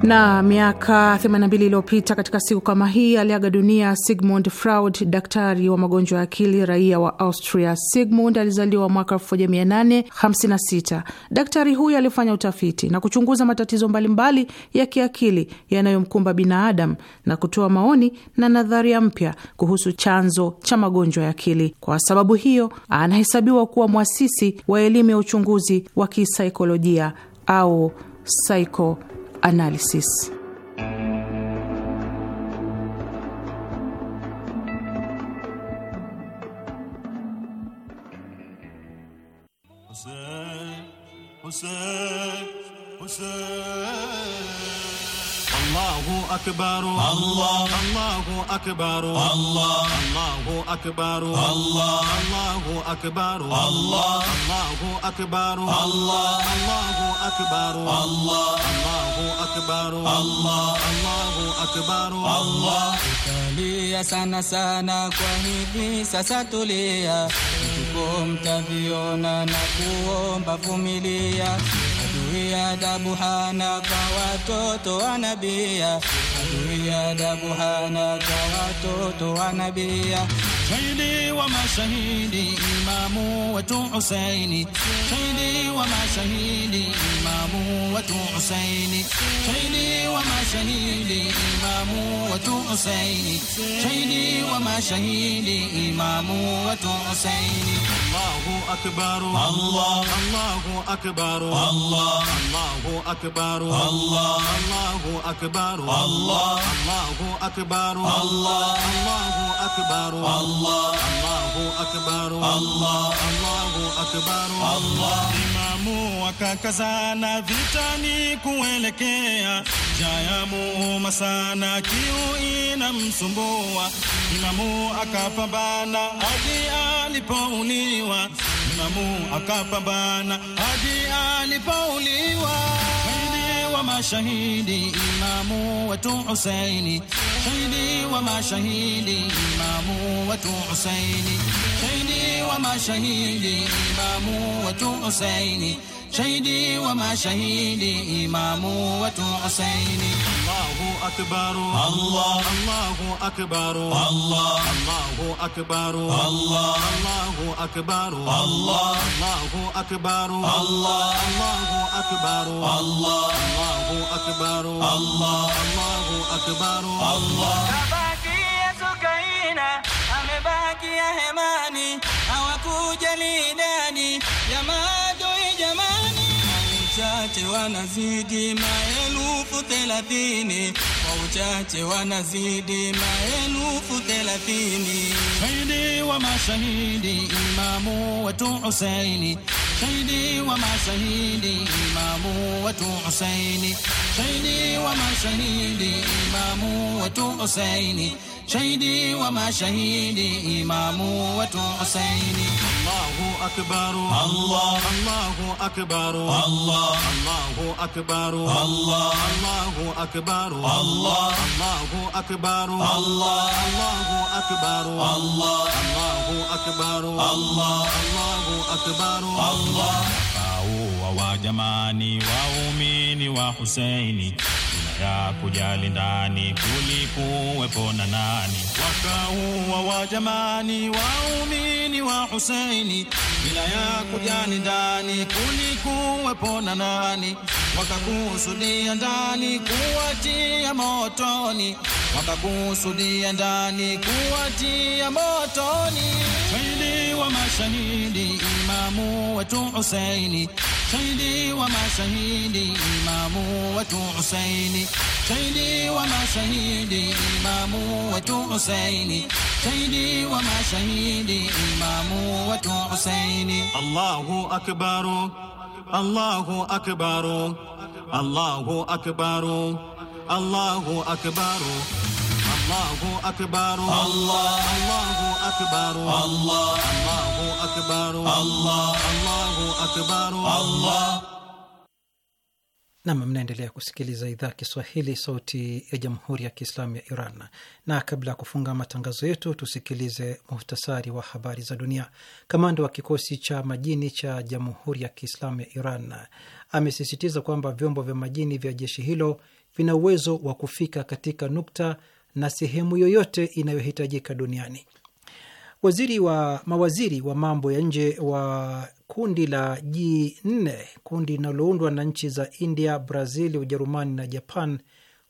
Na miaka 82 iliyopita katika siku kama hii aliaga dunia Sigmund Freud, daktari wa magonjwa ya akili, raia wa Austria. Sigmund alizaliwa mwaka 1856. Daktari huyo alifanya utafiti na kuchunguza matatizo mbalimbali ya kiakili yanayomkumba binadamu na kutoa maoni na nadharia mpya kuhusu chanzo cha magonjwa ya akili. Kwa sababu hiyo, anahesabiwa kuwa mwasisi wa elimu ya uchunguzi wa kisaikolojia au psycho analysis. أكبر الله الله أكبر الله الله أكبر الله الله أكبر الله الله أكبر الله الله أكبر الله الله أكبر الله الله أكبر الله tutalia sana sana kwa hivi sasa tulia vituko mtaviona na kuomba vumilia adui adabu hana kwa watoto anabia يا دبها نكرتوت ونبيا شهيدي وما شهيدي إمام وتو حسيني شهيدي وما شهيدي إمام وتو حسيني شهيدي وما شهيدي إمام وتو حسيني شهيدي وما شهيدي إمام وتو حسيني الله أكبر الله الله أكبر الله الله أكبر الله الله أكبر الله الله الله أكبر الله الله أكبر الله الله أكبر الله الله أكبر الله Imamu wakakazana vitani kuelekea jaya muuma sana, kiu inamsumbua. Imamu akapambana hadi alipouliwa. Imamu akapambana hadi alipouliwa. wa mashahidi, imamu wetu Husaini, shahidi wa mashahidi, imamu wetu Husaini, shahidi wa mashahidi, imamu wetu Husaini شهيدي وما شهيدي إمام وتعصيني الله أكبر الله الله أكبر الله الله أكبر الله الله أكبر الله الله أكبر الله الله أكبر الله الله أكبر الله الله أكبر الله تباكيتك هنا أم باكي هماني أوكو جليلاني يا مالي uchache wanazidi maelfu thelathini, kwa uchache wanazidi maelfu thelathini. Shahidi wa mashahidi, imamu wetu Husaini, shahidi wa mashahidi, imamu wetu Husaini, shahidi wa mashahidi, imamu wetu Husaini شهيدي وما شهيدي إمام وتحسيني الله أكبر الله الله أكبر الله الله أكبر الله الله أكبر الله الله أكبر الله الله أكبر الله الله أكبر الله الله أكبر الله وجماني وأميني وحسيني bila kujali ndani kulikuwepo na nani, wakaua wajamani waumini wa Huseini bila ya kujali ndani kulikuwepo na nani, wakakusudia ndani kuwatia motoni, wakakusudia ndani kuwatia motoni. Shahidi wa mashahidi, imamu wetu Huseini, shahidi wa mashahidi, imamu wetu Huseini shahidi wa mashahidi imamu wetu Husaini shahidi wa mashahidi imamu wetu Husaini Allahu akbaru Allahu akbaru Allahu akbaru Allahu akbaru Allahu akbaru Allah Allahu akbaru Allah Allahu akbaru Allah Allahu akbaru Allah Nam, mnaendelea kusikiliza idhaa ya Kiswahili, sauti ya jamhuri ya kiislamu ya Iran. Na kabla ya kufunga matangazo yetu, tusikilize muhtasari wa habari za dunia. Kamanda wa kikosi cha majini cha jamhuri ya kiislamu ya Iran amesisitiza kwamba vyombo vya majini vya jeshi hilo vina uwezo wa kufika katika nukta na sehemu yoyote inayohitajika duniani. Waziri wa mawaziri wa mambo ya nje wa kundi la G4, kundi linaloundwa na nchi za India, Brazil, Ujerumani na Japan,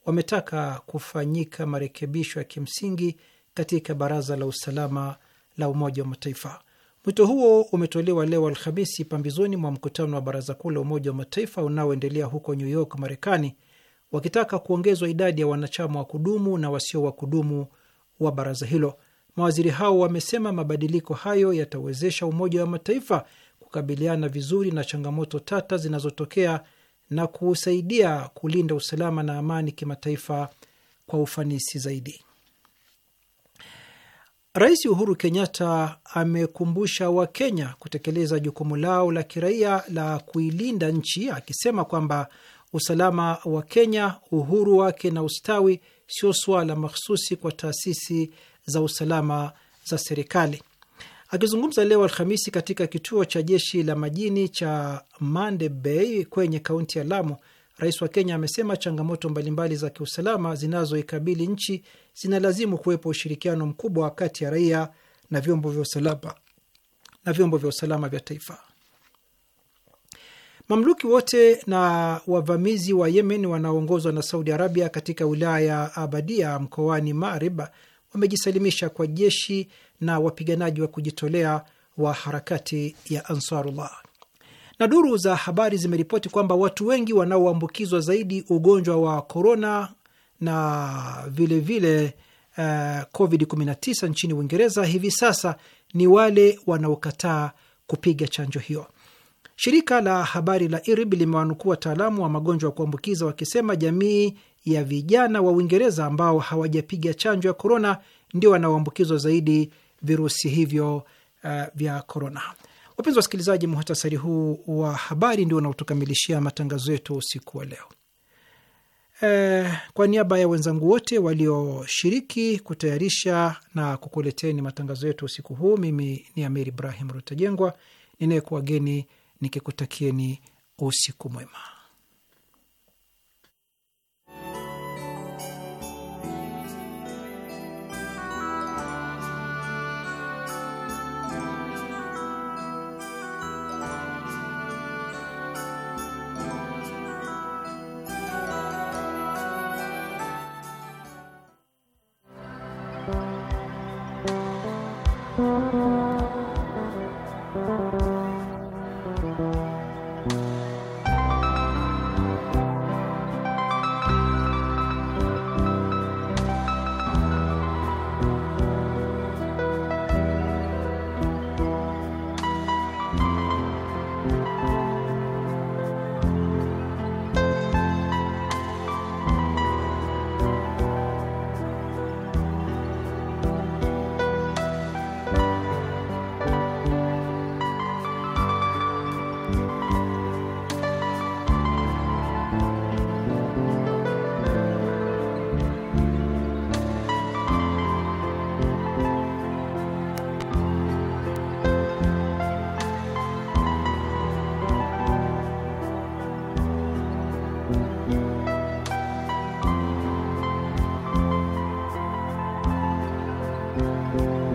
wametaka kufanyika marekebisho ya kimsingi katika Baraza la Usalama la Umoja wa Mataifa. Mwito huo umetolewa leo Alhamisi pambizoni mwa mkutano wa Baraza Kuu la Umoja wa Mataifa unaoendelea huko New York, Marekani, wakitaka kuongezwa idadi ya wanachama wa kudumu na wasio wa kudumu wa baraza hilo. Mawaziri hao wamesema mabadiliko hayo yatawezesha Umoja wa Mataifa kukabiliana vizuri na changamoto tata zinazotokea na kusaidia kulinda usalama na amani kimataifa kwa ufanisi zaidi. Rais Uhuru Kenyatta amekumbusha Wakenya kutekeleza jukumu lao la kiraia la kuilinda nchi, akisema kwamba usalama wa Kenya, uhuru wake na ustawi sio suala mahsusi kwa taasisi za usalama za serikali. Akizungumza leo Alhamisi katika kituo cha jeshi la majini cha Mande Bay kwenye kaunti ya Lamu, rais wa Kenya amesema changamoto mbalimbali za kiusalama zinazoikabili nchi zinalazimu kuwepo ushirikiano mkubwa kati ya raia na vyombo vya usalama na vyombo vya usalama vya taifa. Mamluki wote na wavamizi wa Yemen wanaoongozwa na Saudi Arabia katika wilaya ya Abadia mkoani Marib wamejisalimisha kwa jeshi na wapiganaji wa kujitolea wa harakati ya Ansarullah. Na duru za habari zimeripoti kwamba watu wengi wanaoambukizwa zaidi ugonjwa wa korona na vilevile uh, eh, COVID-19 nchini Uingereza hivi sasa ni wale wanaokataa kupiga chanjo hiyo. Shirika la habari la IRIB limewanukua wataalamu wa magonjwa ya kuambukiza wakisema jamii ya vijana wa Uingereza ambao hawajapiga chanjo ya korona ndio wanaoambukizwa zaidi virusi hivyo uh, vya korona. Wapenzi wa wasikilizaji, muhtasari huu wa habari ndio unaotukamilishia matangazo yetu usiku wa leo. Eh, kwa niaba ya wenzangu wote walioshiriki kutayarisha na kukuleteni matangazo yetu usiku huu, mimi ni Amir Ibrahim Rutajengwa ninayekuwageni nikikutakieni usiku mwema. Thank you.